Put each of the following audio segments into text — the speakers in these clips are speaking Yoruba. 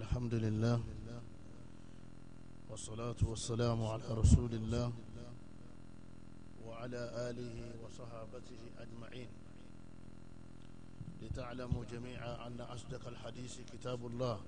الحمد لله والصلاة والسلام على رسول الله وعلى آله وصحابته أجمعين لتعلموا جميعا أن أصدق الحديث كتاب الله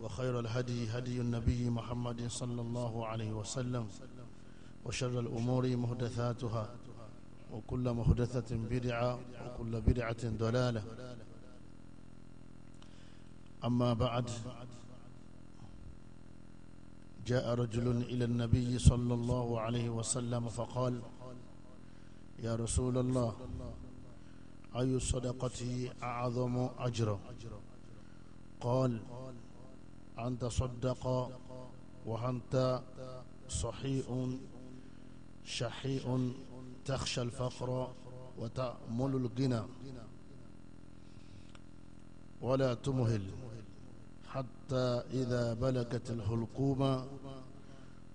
وخير الهدي هدي النبي محمد صلى الله عليه وسلم وشر الأمور محدثاتها وكل محدثة بدعة وكل بدعة ضلالة أما بعد جاء رجل إلى النبي صلى الله عليه وسلم فقال يا رسول الله أي صدقة أعظم أجرا قال أنت صدق وأنت صحيء شحيء تخشى الفقر وتأمل الغنى ولا تمهل حتى إذا بلكت الحلقومة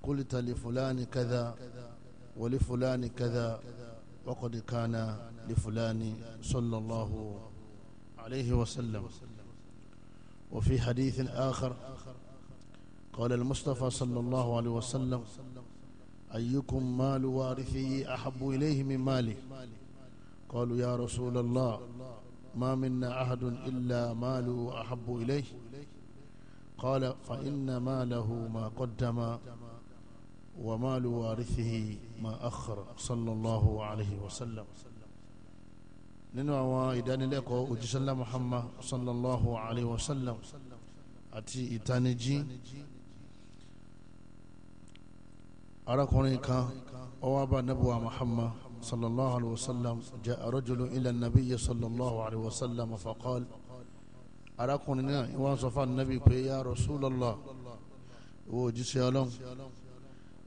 قلت لفلان كذا ولفلان كذا وقد كان لفلان صلى الله عليه وسلم وفي حديث آخر قال المصطفى صلى الله عليه وسلم أيكم مال وارثه أحب إليه من ماله قالوا يا رسول الله ما منا أحد إلا ماله أحب إليه قال فإن ماله ما قدم ومال وارثه ما أخر صلى الله عليه وسلم nínú àwọn ìdánilẹ́kọ̀ọ́ òjíṣẹ́lá muhammad sallallahu alayhi wa sallam àti ìtanijí arákùnrin kan ó wá bá nabuwa muhammad صلى الله عليه وسلم جاء رجل إلى النبي صلى الله عليه وسلم فقال أراكننا وصف النبي يا رسول الله وجس لهم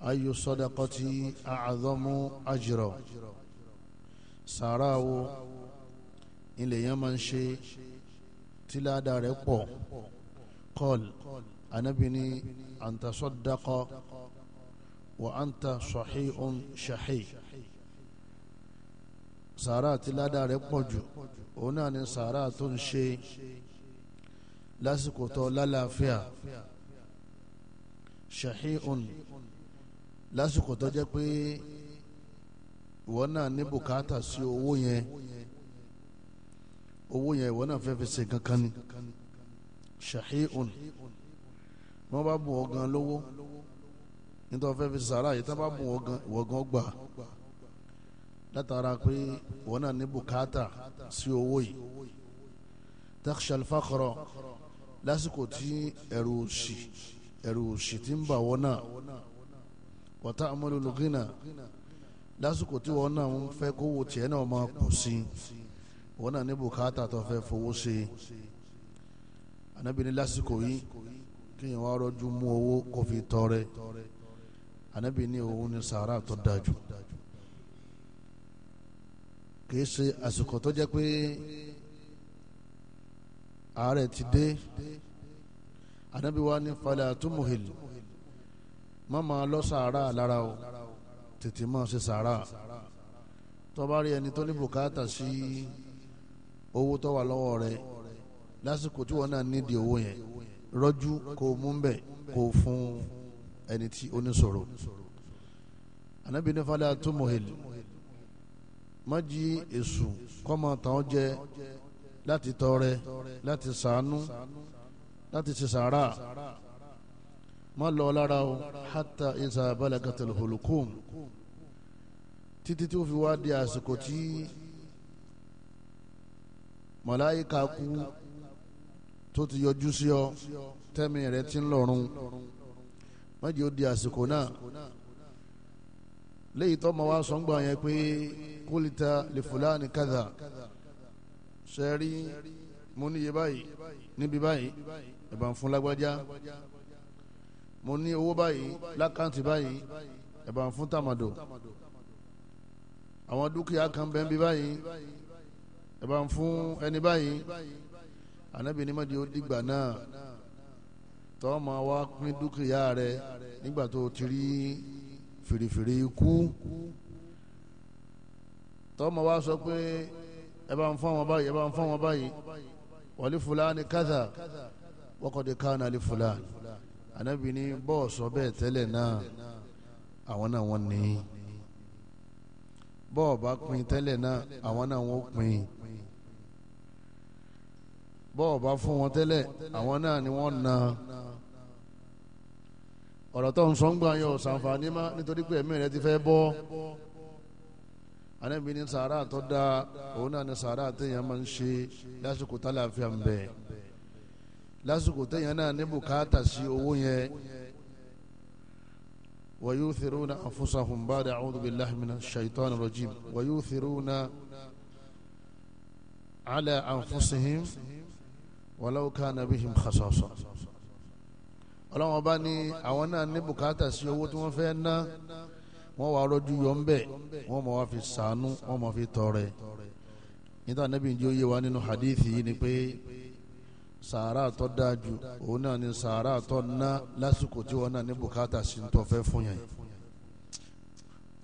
أي صدقتي أعظم أجرا sàráwo ilẹ̀ yẹn máa ń ṣe tí ládàá rẹ̀ pọ̀ kọ́l anabi ni anta sàárà tí ládàá rẹ̀ pọ̀ jù òun náà ni sàárà tó ń ṣe lásìkò tó lálàáfíà ṣahihun lásìkò tó jẹ́ pé ìwọ náà ní bùkátà sí owó yẹn owó yẹn ìwọ náà fẹ́ẹ́ fi ṣe kankan ni ṣahihun wọ́n bá bùn ọ̀gán lówó nítorí wọ́n fẹ́ẹ́ fi sàárà yìí tí wọ́n bá bùn ọ̀gán ìwọ̀gán gbà á látara pé wọn náà ní bùkátà sí owó yìí takhshal fakhra lásìkò tí ẹ̀rù òṣì ẹ̀rù òṣì ti ń bà wọn náà wa ta'malul ghina lásìkò tí wọn náà ń fẹ́ kówó tiẹ̀ náà máa pọ̀ sí wọn náà ní bùkátà tó fẹ́ fowó ṣe anabini lásìkò yìí kéèyàn wá rọjú mú owó kó fi tọrẹ anabini òun ni sàárà tó dájú kìí ṣe àsìkò tó jẹ́ pé ààrẹ ti dé ànábi wa ní falẹ̀ àtúmùhìl má máa lọ sàárà lára o tètè máa ṣe sàárà tó bá rí ẹni tó ní bùkátà sí owó tó wà lọ́wọ́ rẹ̀ lásìkò tí wọn náà nídìí owó yẹn rọ́jú kó mú bẹ̀ kó fún ẹni tí ó ní ṣòro ànábi ní má jí èṣù kọ́mọ tàn jẹ láti tọrẹ láti sàánú láti ṣe sàárà má lọ o hatta iza balagatil hulukum títí tí ó fi wá di àsìkò tí màláyíkà kú tó ti yọjú sí ọ tẹ́mi rẹ ti ń lọ́rùn má jí di àsìkò náà léyìí tó ma wá sọ́ngbà yẹn pé kólita lè fúlàní kàdà sẹ́rí mo níye báyìí níbi báyìí ẹ̀bà ń fún lágbájá mo ní owó báyìí lákàntì báyìí ẹ̀bà ń fún tàmàdò àwọn dúkìá kan bẹ́ẹ̀ bí báyìí ẹ̀bà ń fún ẹni báyìí ànábì ní mọ́di ó dìgbà tọ́ ma wá pín dúkìá rẹ nígbà tó ti rí fèrèfèrè ikú tọ́mọ wa sọ pé ẹ bá ń fún àwọn báyìí ẹ bá ń fún àwọn báyìí wàlí fúlàní kádà wọ́kọ̀dé kánà lè fúlàní ànábì ní bọ́ọ̀sọ bẹ́ẹ̀ tẹ́lẹ̀ náà àwọn náà wọ́n ní bọ́ọ̀ bá pín tẹ́lẹ̀ náà àwọn náà wọ́n pín bọ́ọ̀ bá fún wọn tẹ́lẹ̀ àwọn náà ni wọ́n na ọ̀rọ̀ tó ń sọ ń gbà yọ ṣàǹfààní má nítorí pé ẹ̀mí rẹ ti fẹ́ bọ́ anabi ni sàárà tó da òun náà ni sàárà téèyàn máa ń ṣe lásìkò tálàfíà ń bẹ lásìkò téèyàn náà ní bùkátà sí owó yẹn ويؤثرون أنفسهم بعد أعوذ بالله من الشيطان الرجيم ويؤثرون على أنفسهم ولو كان بهم خصاصة ọlọ́wọ́n bá ní àwọn náà ní bùkátà sí owó tí wọ́n fẹ́ ná wọ́n wà rọ́jú yọ ńbẹ̀ wọ́n mọ̀ wá fi sànú wọ́n mọ̀ fi tọrẹ níta níbi ìjọ yé wa nínú hadithi yìí ni pé sàárà tó dájú òun náà ni sàárà tó ná lásìkò tí wọ́n náà ní bùkátà sí ń tọ́fẹ́ fún yẹn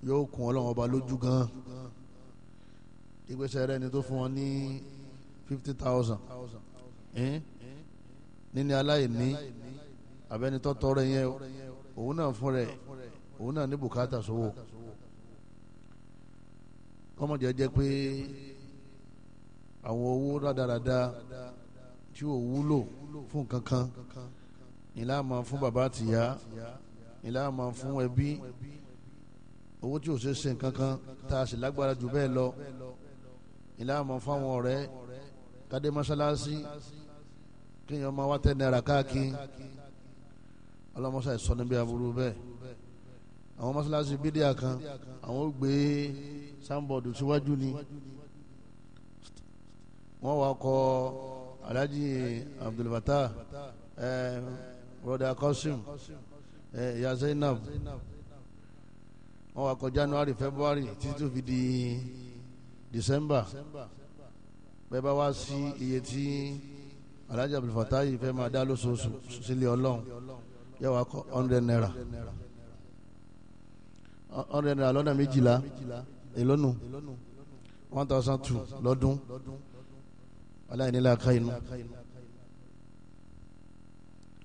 yóò kún ọlọ́wọ́n ọba lójú gan ìgbésẹ̀ rẹ ni tó fún wọn ní fifty thousand níní aláìní abẹ́ni tó tọrọ yẹn òun náà fún rẹ̀ òun náà ní bùkátà sówó kọ́mọ̀jọ jẹ́ pé àwọn owó rádaràda tí ò wúlò fún kankan ìlà máa fún bàbá àtìyá ìlà máa fún ẹbí owó tí ò ṣe ṣe nǹkankan tá a sì lágbára jù bẹ́ẹ̀ lọ ìlà àmọ́ fáwọn ọ̀rẹ́ kádé mọ́ṣáláṣí kéèyàn máa wá tẹ́ náírà káàkiri ọlọmọsá ìsọ níbi aburú bẹ́ẹ̀ àwọn mọ́sálásí bídíà kan àwọn ò gbé sáńbọọdù síwájú ni wọn wà kọ alhaji abdulbata ẹ eh, broda Qasim ẹ ya wọn wà kọ January February títí tó fi di December bẹ́ẹ̀ bá wá sí iye tí alhaji abdulbata yìí fẹ́ máa dá lóṣooṣù sílé Ọlọ́run yóò wá kọ hundred naira hundred naira lọ́nà méjìlá Elonu, one thousand two lọ́dún aláìníla káyinú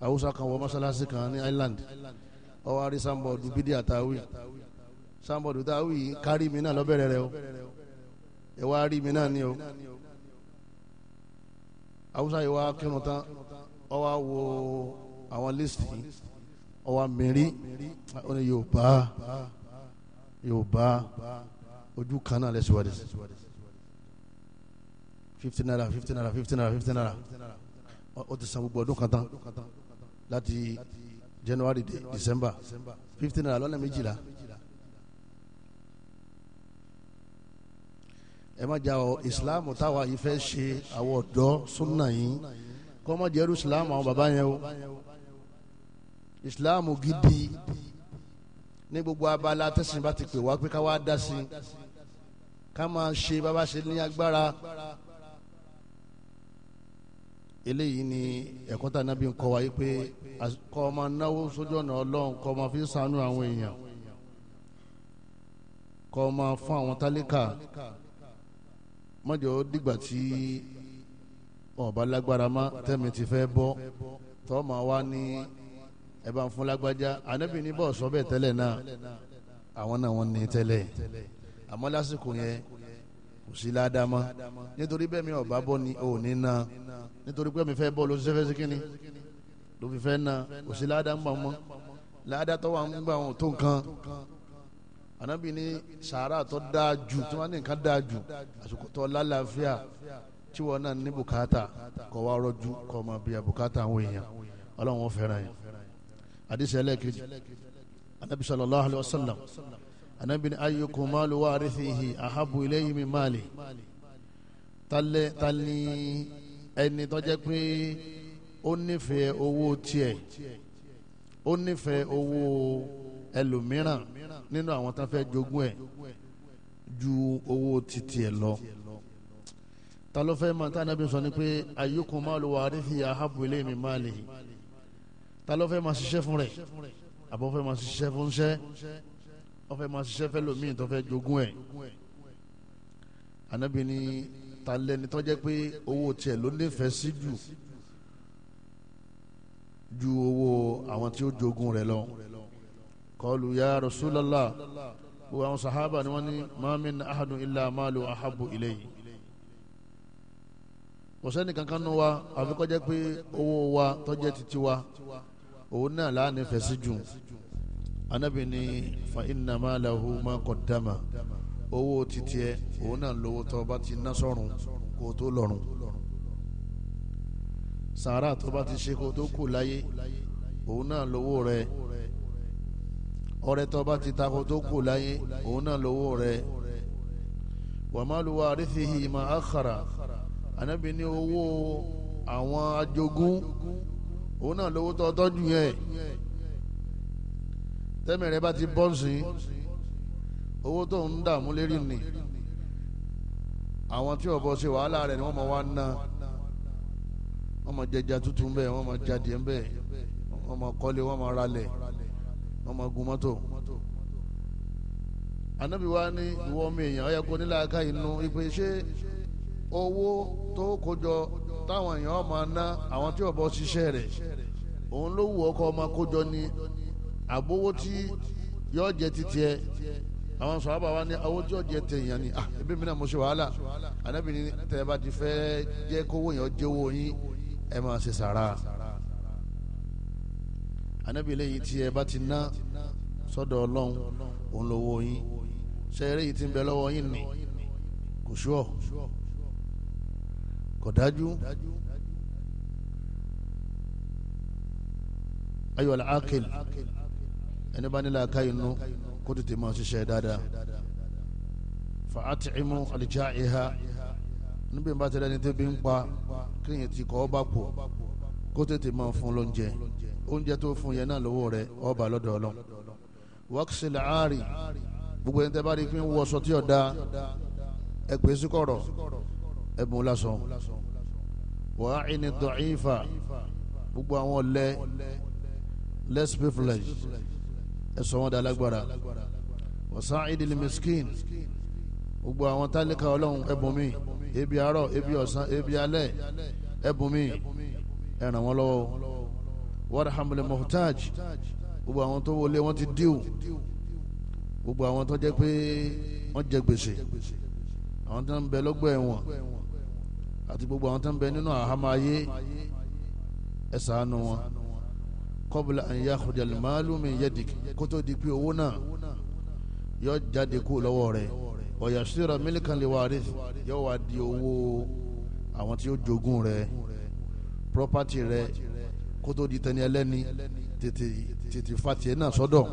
awusa kan wọ masalasi kan ní island ọwọ́ àrí sanbọ̀dù bídí àtàwí sanbọ̀dù táwí kárí mi náà lọ́bẹ̀rẹ̀ rẹ o ẹ wá rí mi o awusa yìí wá kírun tán ọwọ́ àwo àwọn lísì ọwọ́ mẹ́rin ó ní yorùbá yorùbá ojú kan náà lẹ́sìn wádìí fifty naira fifty naira fifty naira fifty naira ó ti san gbogbo ọdún kan tán láti january de december fifty naira lọ́nà méjìlá ẹ má jà ọ islam táwa yìí fẹ́ ṣe àwọn ọ̀dọ́ súnà yìí kọ́ mọ́ jẹ́rú islam àwọn bàbá yẹn o ìsìláàmù gidi ní gbogbo abala tẹ̀sìn bá ti pè wá pé ká wá dá sí i ká máa ṣe bá bá ṣe ní agbára eléyìí ni ẹ̀kọ́ tá nábì ń kọ́ wa yìí pé kọ́ ọmọ náwó sójú ọ̀nà ọlọ́run kọ́ ọmọ fi ṣàánú àwọn èèyàn kọ́ ọmọ fún àwọn tálíkà mọ́jọ́ dìgbà tí ọ̀bá lágbára má tẹ́mi ti fẹ́ bọ́ tọ́ ma wá ní ẹ bá ń fún lágbájá ànábì ní bọ́ọ̀ sọ bẹ́ẹ̀ tẹ́lẹ̀ náà àwọn náà wọ́n ní tẹ́lẹ̀ àmọ́ lásìkò yẹn kò sí ládàmọ́ nítorí bẹ́ẹ̀ mi ò bá bọ́ ni ò ní na nítorí pé mi fẹ́ bọ́ ló ṣẹ́fẹ́ sí kínní ló fi fẹ́ na kò sí ládàmọ́ mọ́ ládàtọ́ wà ń gbà wọn tó nǹkan ànábì ní sàárà tó dáa jù tí wọ́n ní nǹkan dáa jù àsìkò tó lálàáfíà tí wọ́n náà ní bùkátà kọ́ wa rọ́jú kọ́ ma àdìsẹ́ ẹlẹ́ẹ̀kejì anabi sallallahu alayhi wa sallam anabi ni ayyukum malu warithihi ahabu ilayhi min mali talẹ tali ẹni tó jẹ́ pé ó nífẹ̀ẹ́ owó tiẹ̀ ó nífẹ̀ẹ́ owó ẹlòmíràn nínú àwọn tó fẹ́ jogún ẹ̀ ju owó titi ẹ̀ lọ ta ló fẹ́ máa tá anabi sọ ni pé ayyukum malu warithihi ahabu ilayhi min mali ta ló fẹ́ máa ṣiṣẹ́ fún rẹ̀ àbọ̀ fẹ́ máa ṣiṣẹ́ fún ṣẹ́ wọ́n fẹ́ máa ṣiṣẹ́ fẹ́ lómi tó fẹ́ jogún ẹ̀ anabi ni ta lẹni tó jẹ́ pé owó tiẹ̀ ló nífẹ̀ẹ́ sí jù ju owó àwọn tí ó jogún rẹ̀ lọ kọlu ya rasulallah gbogbo àwọn sahaba ni wọ́n ní mamin ahadun illa malu ahabu ilayhi kò sẹ́ni kankan nu wa àfi pé owó wa tó jẹ́ titi wa òun náà láàánú fẹsí jù anabi ni fa innama lahu ma qaddama owó títí ẹ òun náà lówó tó bá ti ná sọ́run kó tó lọ́run sàárà tó bá ti ṣe kó tó kù láyé òun náà lówó rẹ ọrẹ tó bá ti ta kó tó kù láyé òun náà lówó rẹ wàmálù warithihi ma akhara anabi ni owó àwọn ajogun òun náà lówó tó tọ́jú yẹn tẹ́mi rẹ bá ti bọ́ sí owó tó ń dààmú lérí ni àwọn tí ọ̀bọ ṣe wàhálà rẹ̀ ni wọ́n mọ̀ wá ná wọ́n mọ̀ jẹja tútù ńbẹ̀ wọ́n mọ̀ jáde ńbẹ̀ wọ́n mọ̀ kọ́lé wọ́n mọ̀ ralẹ̀ wọ́n mọ̀ gun mọ́tò. Ànábì wa ní ìwọ ọmọ èèyàn ó yẹ kó nílá inú ipe owó tó kójọ táwọn èèyàn máa ná àwọn tí ọ̀bọ ṣiṣẹ́ rẹ̀ òun ló wù ọkọ ọmọ kójọ ní àbówó tí yọ jẹ títí ẹ àwọn sọ̀rọ̀bà wa ní owó tí yọ jẹ ni ah ebi mi náà mo ṣe wàhálà ànábì ní tẹ̀ bá ti fẹ́ jẹ́ kówó yẹn jẹ́wó yín ẹ máa ṣe sàrà ànábì lẹ́yìn tí ẹ bá ti ná sọ́dọ̀ ọlọ́run òun lówó yín ṣe eré yìí ti ń bẹ lọ́wọ́ yín ni kò ṣúọ̀ kò dájú ayọ̀ làákìl ẹni bá nílò àká inú kó tètè máa ṣiṣẹ́ dáadáa fàátì ìmú àlìjá ìhà níbi ìbá tẹ̀lé ẹni tó bí ń pa kíyìn ti kọ́ ọba pò kó tètè máa fún lóúnjẹ oúnjẹ tó fún yẹn náà lọ́wọ́ rẹ̀ ọba lọ́dọ̀ ọlọ́ wákìsì làárì gbogbo ẹni tẹ́ bá rí i pé ń wọṣọ tí ọ̀dà ẹgbẹ́ sí kọ̀rọ̀ ẹ̀bùn lásán wàá ẹni dọ̀ọ́ìfà gbogbo àwọn ọ̀lẹ́ less privilege ẹ̀sọ́ wọn dàlágbára wàsá ìdílé miskin gbogbo àwọn tálíkà ọlọ́run ẹ̀bùn mi ebi àárọ̀ ebi ọ̀sán ebi alẹ́ ẹ̀bùn mi ẹ ràn wọ́n lọ́wọ́ warhamul muhtaj gbogbo àwọn tó wọlé wọn ti díw gbogbo àwọn tó jẹ́ pé wọ́n jẹ gbèsè àwọn tó ń bẹ lọ́gbọ̀ ẹ̀wọ̀n àti gbogbo àwọn tó ń bẹ nínú àhámọ́ ayé ẹ ṣàánú wọn kọ́bùlà an yakhruja al-malu min yadik kó tó di pé owó náà yọ jáde kú lọ́wọ́ rẹ̀ wa yasira milkan li warith wá di owó àwọn tí ó jogún rẹ̀ property rẹ̀ kó tó di tẹni ẹlẹ́ni tètè tètè fa náà sọ́dọ̀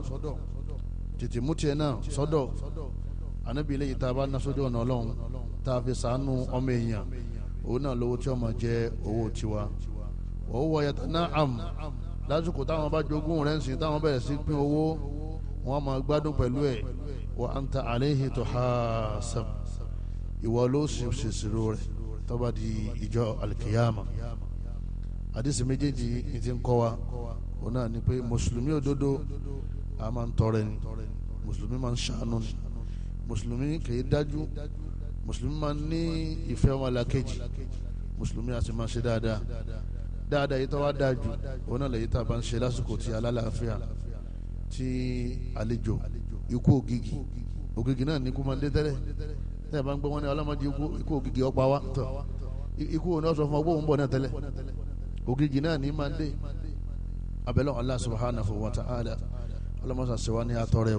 tètè mú náà sọ́dọ̀ ànábìlẹ̀ yìí tá a bá ná sójú ọ̀nà ọlọ́run tá a fi ṣàánú ọmọ èèyàn òun náà lówó tí ọmọ jẹ owó tiwa òun wọ yàtọ̀ náà àm lásìkò táwọn bá jogún rẹ̀ ń sìn táwọn bẹ̀rẹ̀ sí pín owó wọn máa gbádùn pẹ̀lú ẹ̀ wa anta alayhi tuhasab ìwọ ló sì ṣèṣirò rẹ̀ tó bá di ìjọ alikiyama àdìsí méjèèjì ní ti ń kọ́ wa òun náà ni pé mùsùlùmí òdodo a máa ń tọrẹ ni mùsùlùmí máa ń ṣàánú ni mùsùlùmí kì í dájú mùsùlùmí máa ní ìfẹ́ wọn làkejì mùsùlùmí a sì máa ṣe dáadáa dáadáa yìí tó wá dáa jù òun náà lèyí tá a bá ń ṣe lásìkò tí alálàáfíà tí àlejò ikú ògìgì ògìgì náà ní kó máa lé tẹ́lẹ̀ tí a bá ń gbọ́ wọn ní ọlọ́mọdé ikú ògìgì ọ̀pá wa tọ̀ ikú òun náà sọ fún ọgbọ́n òun bọ̀ náà tẹ́lẹ̀ ògìgì náà ní máa dé abẹ́lẹ́ Allah subhanahu wa ta'ala ọlọ́mọ sàṣẹwà ní atọ́rẹ́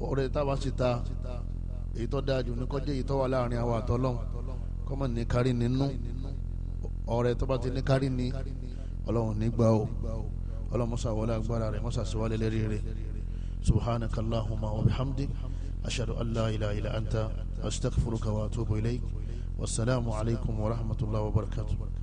o ọ̀rẹ́ èyí tó dáa jù ní kó jẹ́ èyí tó wà láàrin àwa àtọ́lọ́hún kọ́mọ̀ ní kárí nínú ọ̀rẹ́ tó bá ti ní kárí ní ọlọ́run nígbà o ọlọ́run mọ́sá wọlé agbára rẹ̀ mọ́sá sí wálé lérí rẹ̀ subhanaka allahumma wa bihamdik ashhadu an la ilaha illa anta astaghfiruka wa atubu ilayk wassalamu alaykum wa rahmatullahi wa barakatuh